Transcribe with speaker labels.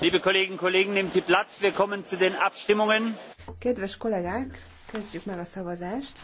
Speaker 1: Liebe Kolleginnen und Kollegen, nehmen Sie Platz, wir kommen zu den Abstimmungen.
Speaker 2: Kedves kollégák, kezdjük meg a szavazást.